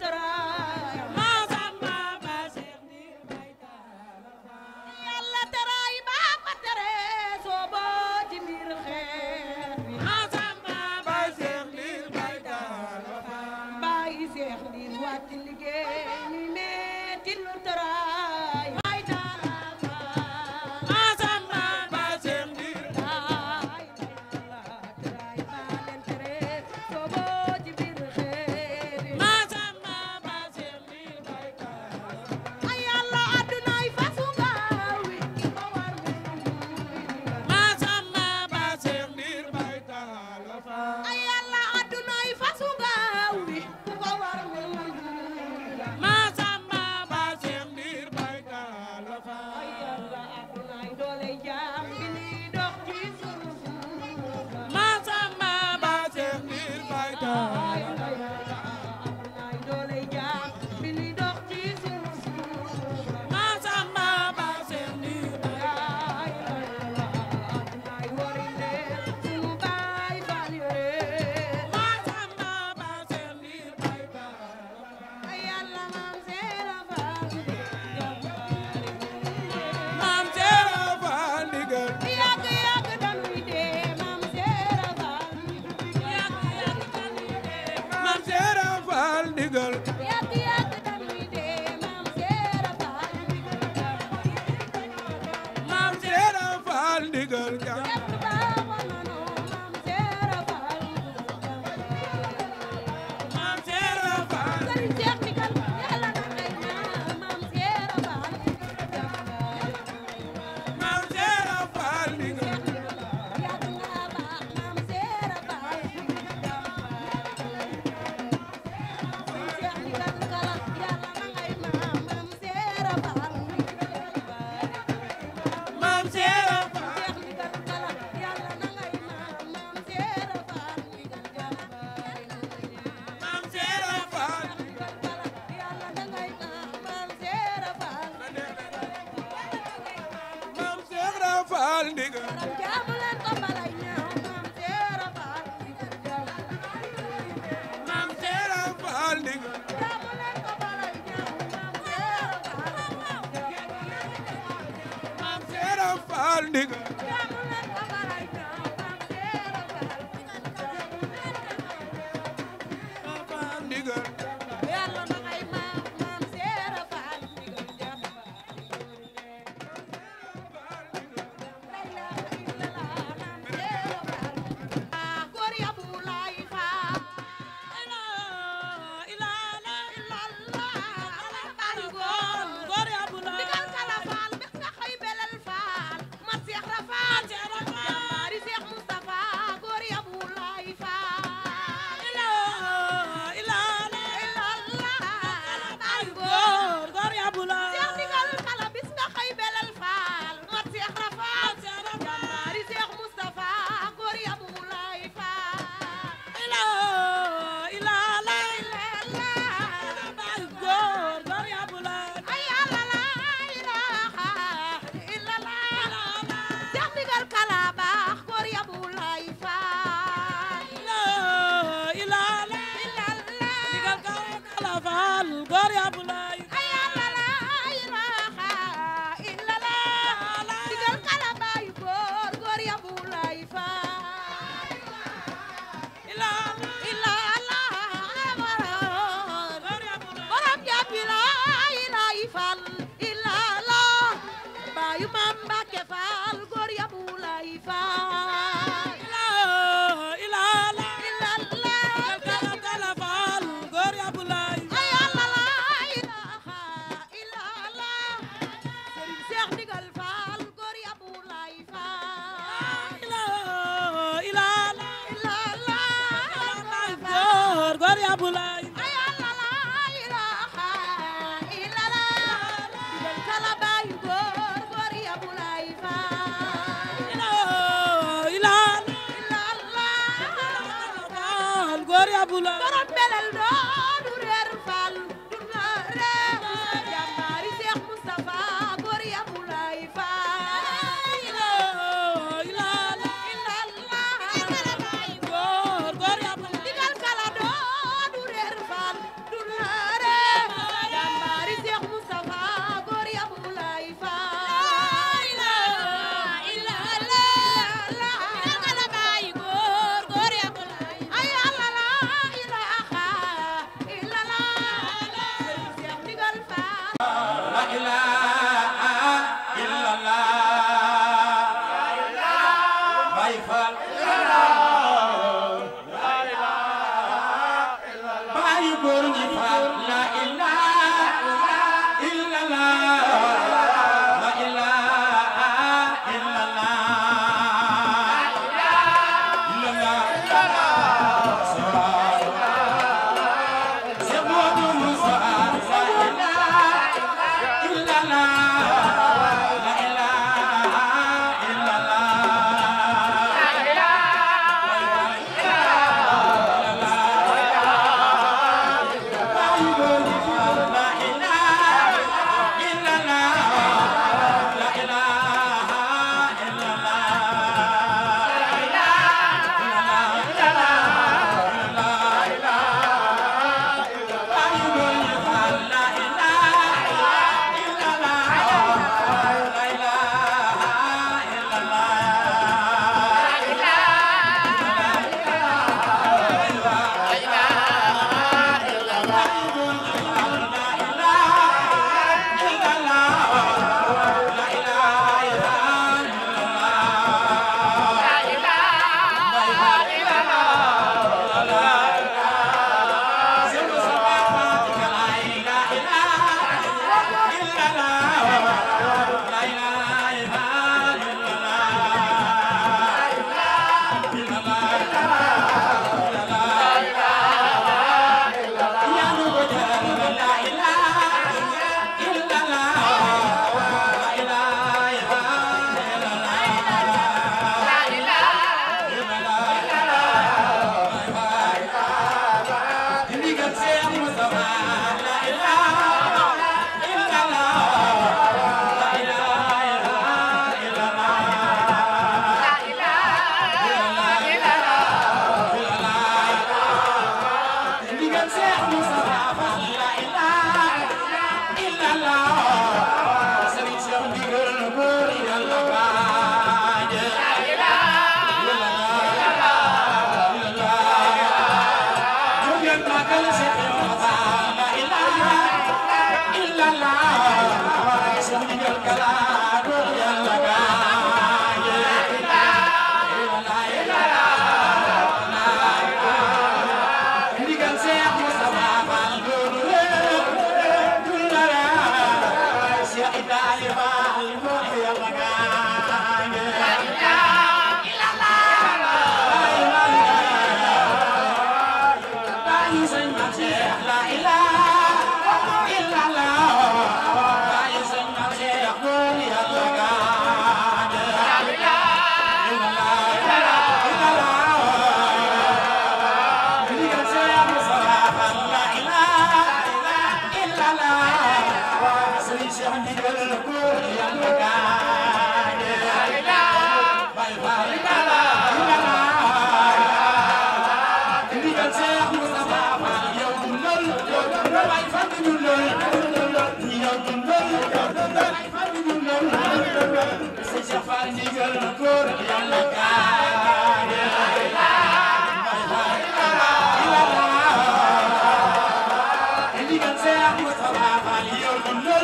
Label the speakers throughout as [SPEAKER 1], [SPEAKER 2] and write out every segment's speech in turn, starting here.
[SPEAKER 1] ترى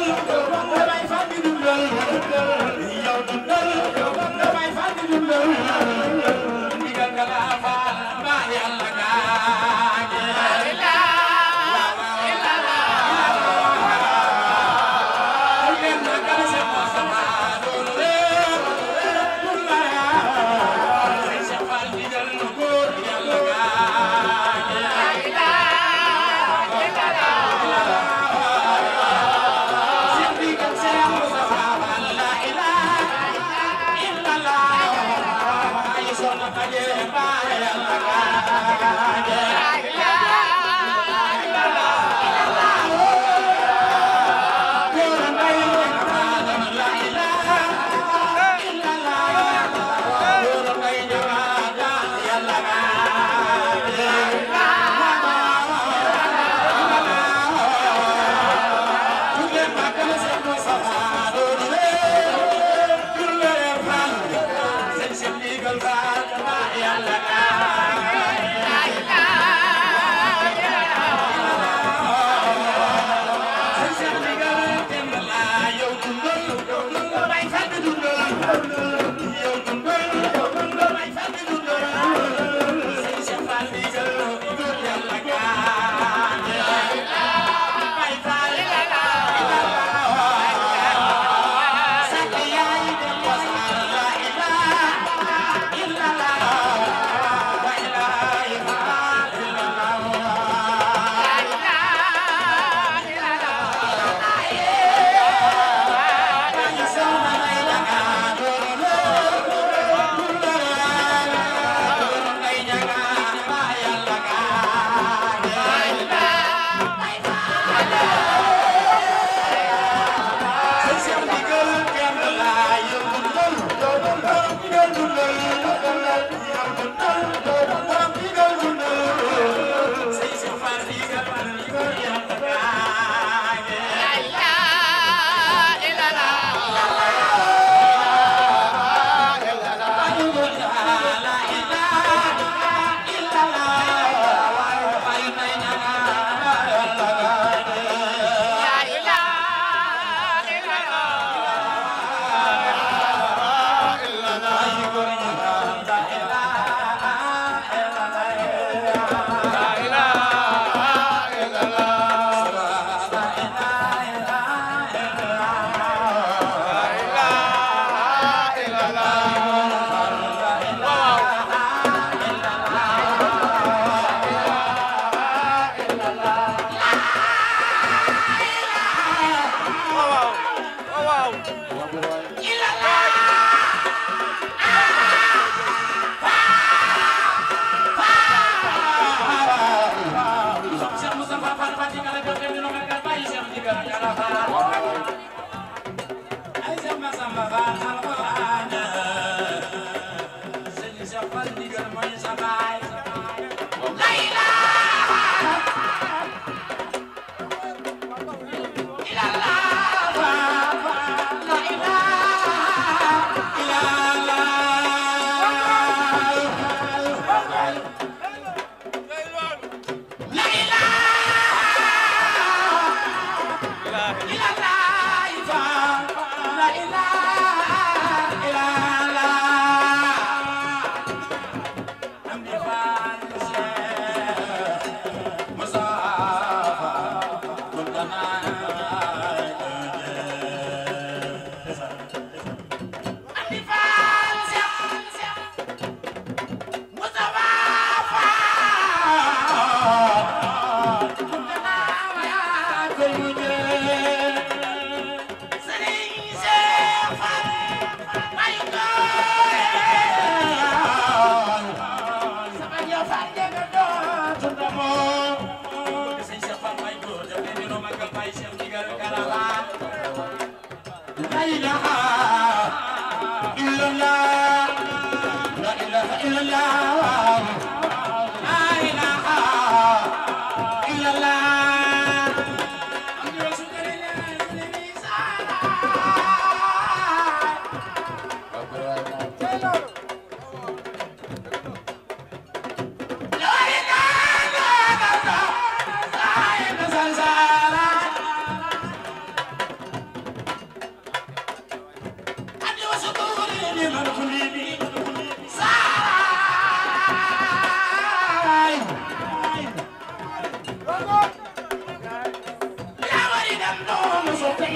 [SPEAKER 2] Thank you.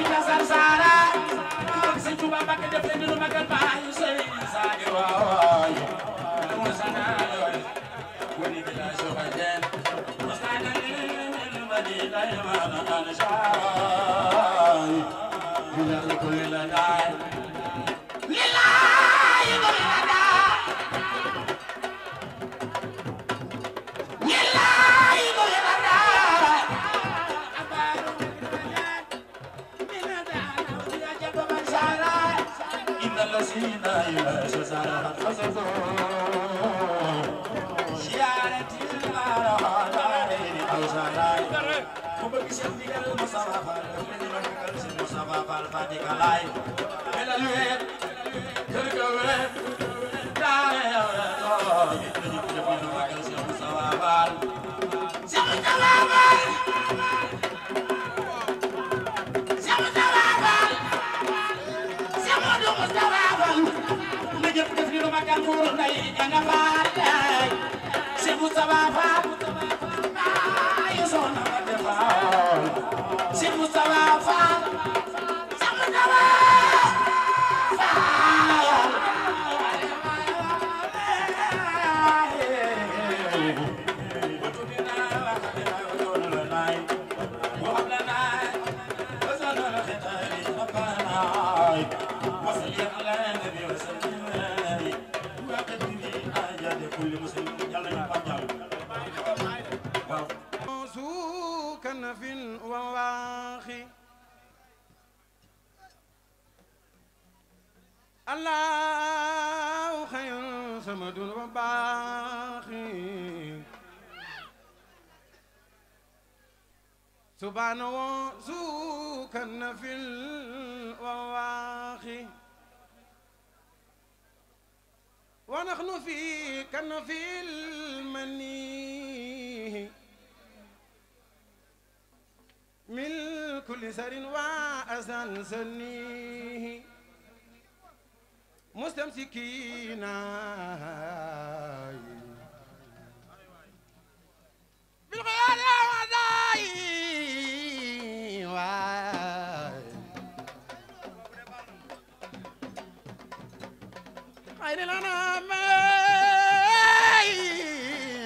[SPEAKER 3] Sara Sara Sëñ Tuubaa
[SPEAKER 2] Mbàkke def leen ñu magal
[SPEAKER 4] sëñ bi gën a Moustapha Fall gën a màggal sëñ Moustapha Fall Fatick laay gën a luwe gën a wér daale yow la tool ñun ñëpp ñëpp gën a màggal sëñ Moustapha Fall. sëñ Moustapha Fall.
[SPEAKER 2] sëñ Moustapha Fall. sëñ Modou Moustapha Fall. nga jëf def li nu màggal nguuru ndey nga faal sëñ Moustapha Fall. كل مسلم
[SPEAKER 3] الله خير صمد وباقي سبحانه زوكا في الواقي ونحن في كن في المني من كل سر وأزلزلنيه mustamsikina bil khayal wa dai wa khayri lana mai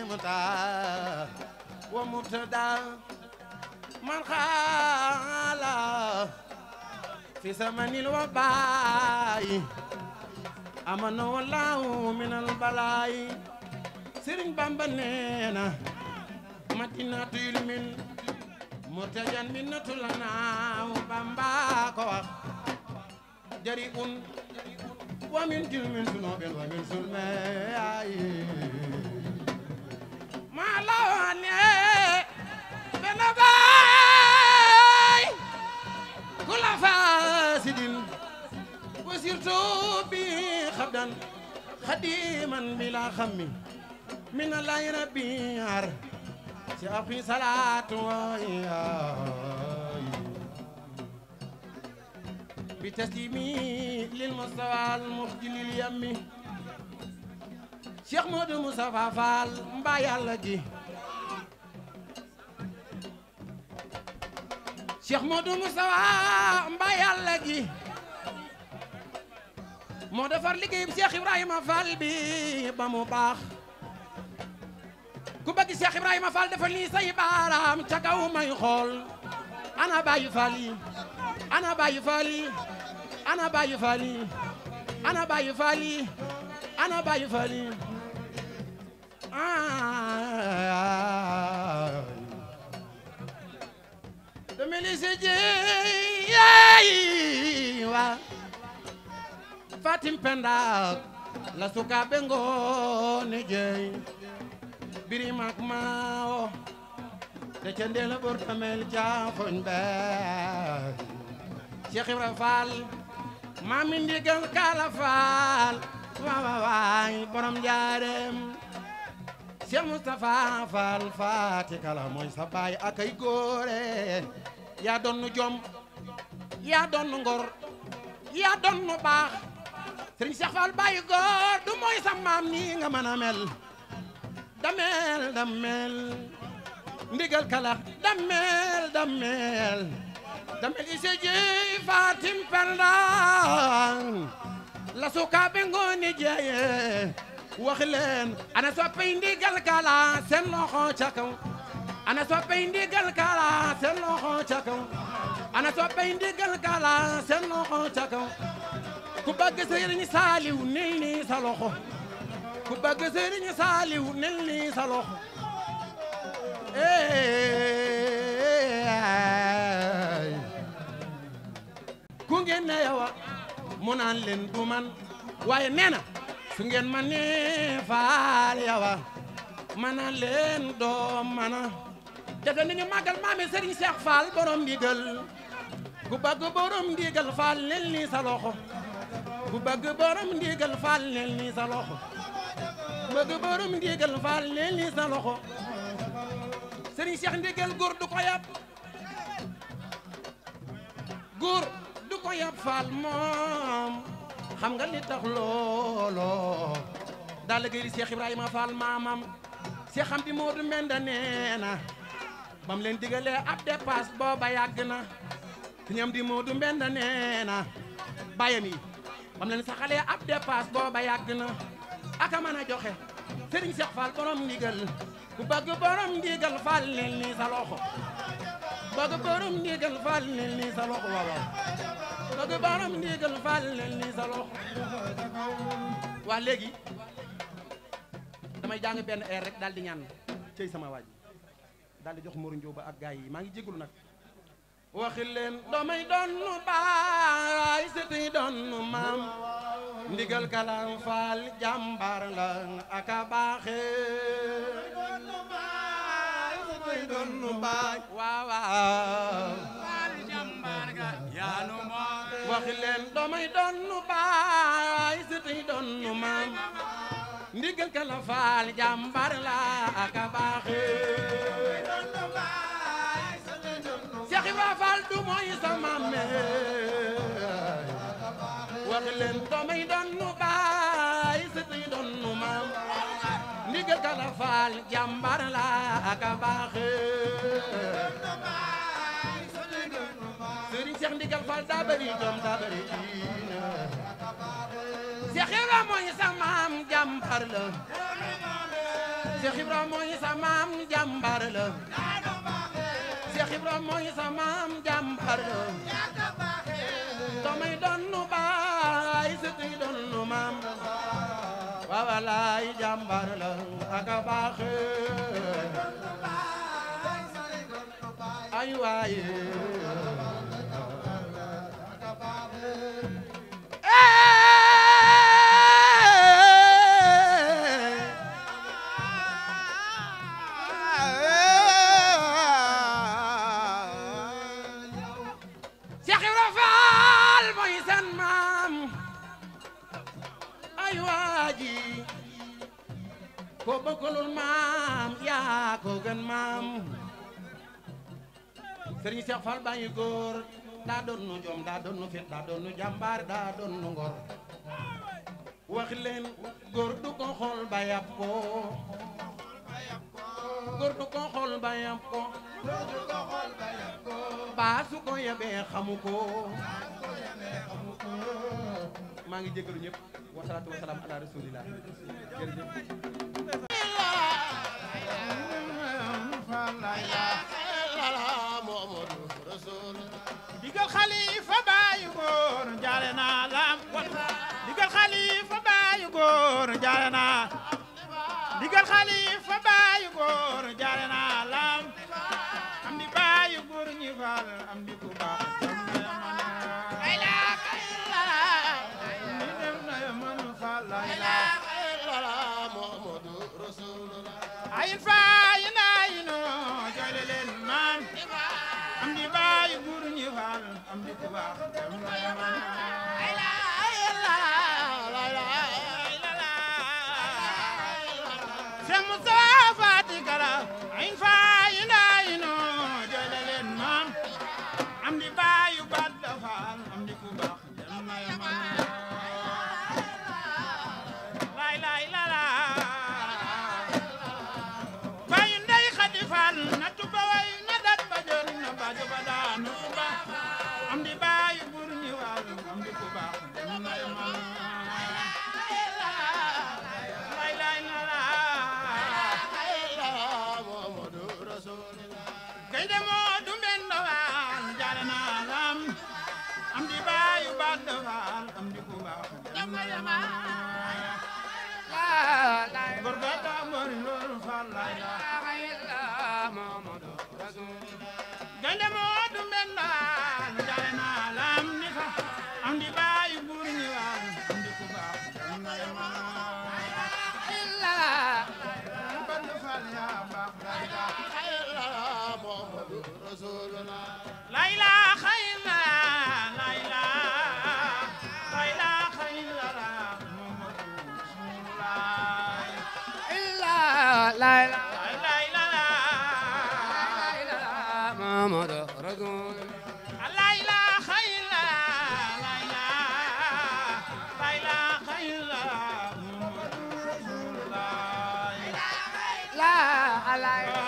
[SPEAKER 3] muta wa mubtada man khala fi samanil wabai amana wallaahu minal balaayi sëriñ bamba neena madinatu ilmin murtajan minnatu lanaaw bamba ko wax un wa min tilmin sunooben wa min sulmaayi أبدا خديما بلا خم mbaa yàlla moo defar liggéeyub Cheikh Ibrahima Fall bi ba mu baax ku bëgg Cheikh Ibrahima Fall defal nii say baaraam ca kaw may xool ana Baye Fall yi ana Baye Fall yi ana Baye Fall yi ana Baye Fall yi ana Baye Fall yi deme li si jeey waa fatim penda la sukaɓe ngone jeey birimak mawo de cendela ɓortamel jafoñ ɓe cheikh ibra fall mami ndigal kala fall wawaway borom jarem cheikh moustapha fall fati kala moy baay akay gore ya donnu jom ya donnu ngor ya donnu baax sëriñ Cheikh Fall bàyyi góor du mooy sa maam nga mën a mel dameel dameel ndigal kala dameel dameel dameel ise ji Fatim Penda la sukaabe ngooni jeeye wax leen ana soppay ndigal kala seen loxo ca kaw ana soppay ndigal kala seen loxo ca kaw ana soppay ndigal kala seen loxo ca kaw ku bëgg sëriñ saaliw nil nii sa loxo ku bëgg sëriñ saaliw nil nii sa loxo eey ku ngeen ne yowa mu naan leen du man waaye nee na su ngeen ma ne faal yowa ma naan leen doo mana daga nañu màggal maame sëriñ Cheikh Fall borom ndigal ku bëgg borom ndigal faal nil nii sa loxo ku bëgg borom ndigal faal neel ni sa loxo bëgg borom ndigal faal neel ni loxo sëriñ Cheikh ndigal góor du ko yàpp góor du ko yàpp faal moom xam nga li tax looloo daal liggéey li Cheikh Ibrahima maamam Cheikh xam di Modou Menda nee na bam leen digalee ab dépasse booba yàgg na ñam di Modou Menda nee na bàyyam yi xam na ne sa xale ab dépasse booba yàgg na aka mën a joxe sëriñ Cheikh Fall borom ndigal ku bëgg borom ndigal Fall leen nii sa loxo bëgg borom ndigal Fall leen nii sa loxo waaw bëgg borom ndigal Fall leen nii sa loxo waa léegi damay jàng benn air rek daal di ñaan cey sama waaj daal di jox Mor Ndiob ba ak gaay yi maa ngi jégalu nag waxi leen doomay doonu baay sëtëy doonu ndigal kalam faal jàmbar la ak a baaxe doonu baay waaw ga nu maam ndigal kalam faal jàmbar la ak a Ibra Faal du mooy sama maam wax leen doomay mooy sama maam jàmbar la Cheikh Ibra mooy sa maam jàmbar damay doon nu baay sëtuy doon nu maam wawalaay jàmbar la ak a baaxee ay waaye bokkalul maam yaa ko gën maam sëriñ Cheikh Fall baa ngi daa doon nu jom daa doon nu fit daa doon nu jàmbaar daa doon nu ngor wax leen góor du ko xool ba yàpp ko góor du ko xool ba yàpp ko baa su ko yebee xamu ko maa ngi jégalu ñëpp wasalaatu wasalaam ala
[SPEAKER 2] la ilaha illallah muhammadu rasulullah digal xalifa baayu góor jaale naa lam ay buur ñu faal am di ku baax dem na อะไร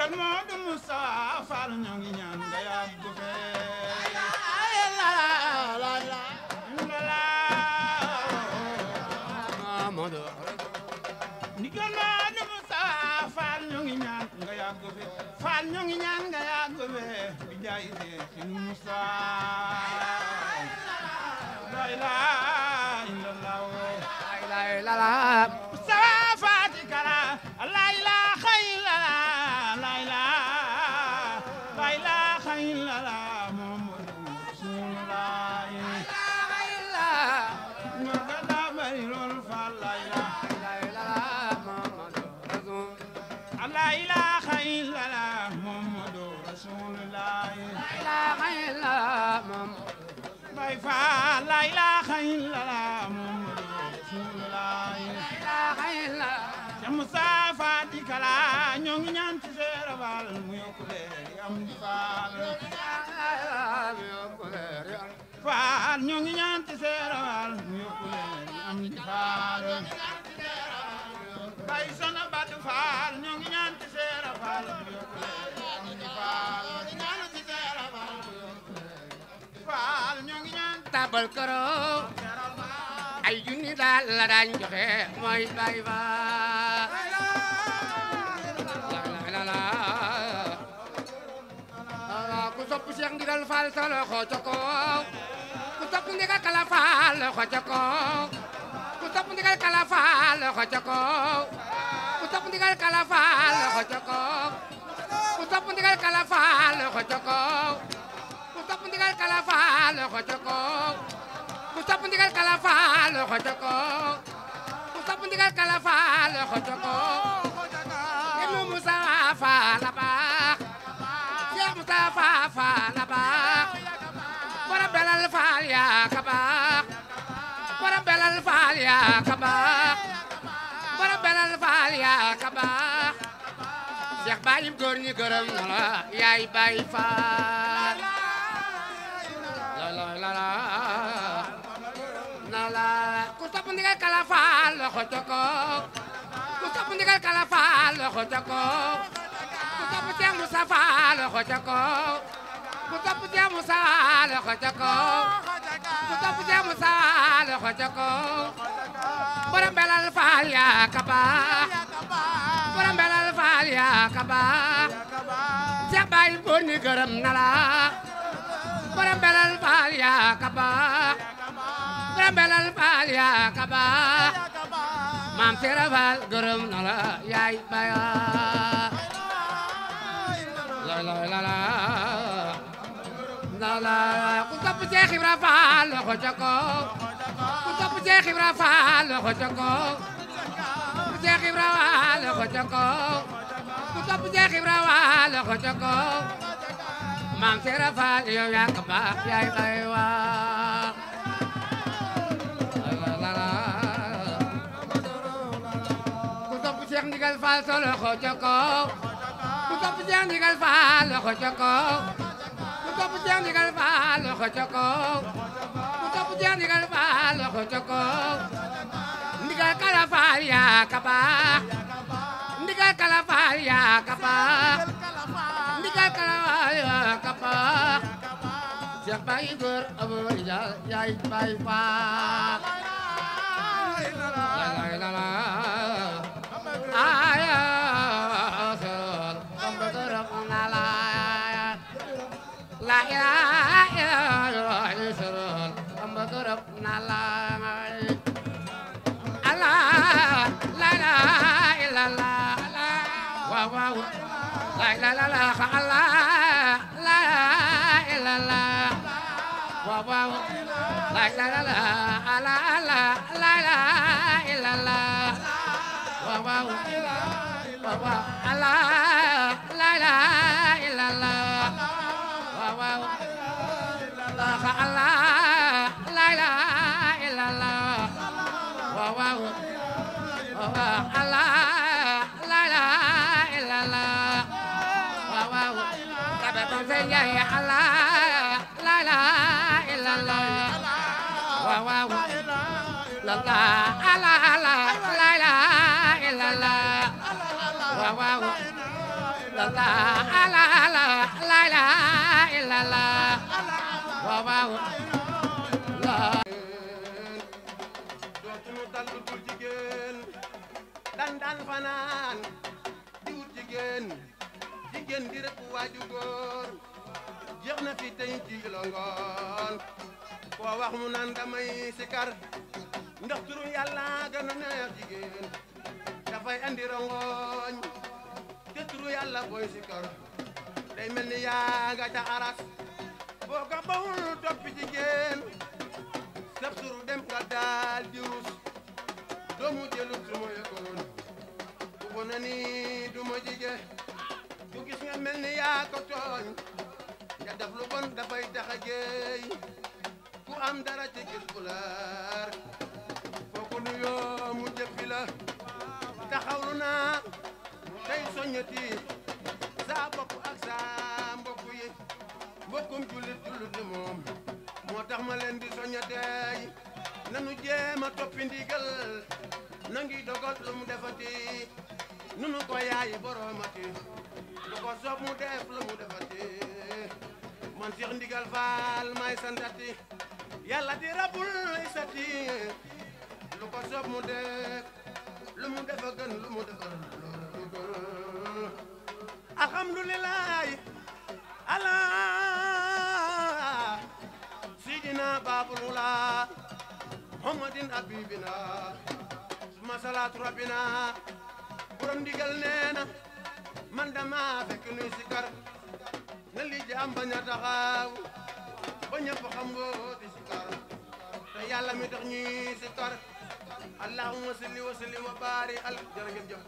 [SPEAKER 2] kan moo du Moussa Fall ñoo ngi ñaan nga yàgg fe ni kan moo du Moussa Fall ñoo ngi ñaan nga yàgg fe Fall ñoo ngi ñaan nga yàgg fe bi jaay se ci Moussa la ilaha illallah la ilaha illallah koy faal la ilaha illallah muhammadu rasulullah la ilaha illallah
[SPEAKER 4] ca Mustafa di kala ñoo ngi
[SPEAKER 2] ñaan ci seera baal mu yokku leer am di faal faal ñoo ngi ñaan ci seera baal mu yokku leer am di faal bay sona badu faal ñoo ngi ñaan ci seera baal mu yokku leer
[SPEAKER 4] tabal koro ay junni daal la daan joxe mooy bay ba la ku sopp Cheikh Ndigal Fall sa loxo ca kaw ku sopp Ndigal Kala Fall loxo ca ku sopp Ndigal Kala Fall loxo ca ku sopp Ndigal Kala Fall loxo ca topp ndigal kala faal loxo ca kaw ku topp ndigal kala faal loxo ca kaw ku topp ndigal kala faal loxo ca kaw mu Musa faal la baax Cheikh Musa faal la baax wara belal faal yaa ka baax wara belal faal yaa ka baax wara belal faal yaa ka baax Cheikh Bayim góor ñi gërëm na la yaay Baay Faal kala nala ku topp ndigal kala faal loxo joko ku topp ndigal kala faal loxo joko ku topp Cheikh Moussa faal loxo joko ku topp Cheikh Moussa loxo joko ku topp Cheikh Moussa loxo joko borom belal faal yaa ka baax borom belal faal yaa ka baax Cheikh Baye Boni gërëm na la borom belal faal yaa ka baax borom belal faal yaa ka baax maam Seera Faal gërëm na la yaay baya la la la la la ku topp Seex Ibra Faal loxo ca ku topp Seex Ibra Faal loxo ca ku topp Seex Ibra Faal loxo ca maam Seera Faal yaa ko yaay bay wax ku topp Cheikh Ndigal Faal sa loxo ca ku topp Cheikh Ndigal Faal loxo ca kaw ku topp Cheikh Ndigal Faal loxo ca kaw ku kala Faal yaa ka Cheikh Baye Góor Abu Yaay Baye Faal la la la la ak la la la la e la la la e la la waaw waaw waaw
[SPEAKER 1] waaw la la la
[SPEAKER 4] e la la waaw waaw la la la la la waaw waaw la la la la waaw waaw la la la la la waaw waaw la la ala ala la la la la waaw waaw la la ala ala la la la la waaw waaw la
[SPEAKER 5] dootuñu dal lu dul jigéen dan dan fanaan di wut jigéen jigéen di rek waaju góor jeex na fi tey ci longoon koo wax mu naan damay sikar ndax turu yàlla gën a neex jigéen dafay andi rongoñ te turu yàlla booy sikar day mel ni yaa nga ca aras boo ko bawul toppi jigéen sab turu dem nga daal doomu jëlut su ma bu ko na ni du ma gis nga mel ni yaa ko tooñ nga def lu bon dafay tax a am dara ci gis bu leer nu yoo mu jëppi la taxawlu naa tey soññati saa bopp ak saa mbokk yi mbokkum jullit jullit moom moo tax ma leen di soññatey nanu jéem a toppi ndigal nangi dogal lu mu defati nunu ko yaayi boromati lu ko soob mu def lu mu defati man Cheikh Ndigal Fall may santati yalla di rabul isati lu ko soob mu def lu mu def a lu mu def lu gën alhamdulilahi ala sidina babul wula muhammadin abibina suma salaatu rabbina borom digal nee man dama sikar na li jaam bañ a taxaw ba ñëpp te yàlla mi tax ñuy si kar allahumma salli wa sallim wa baari al jërëjëf jëf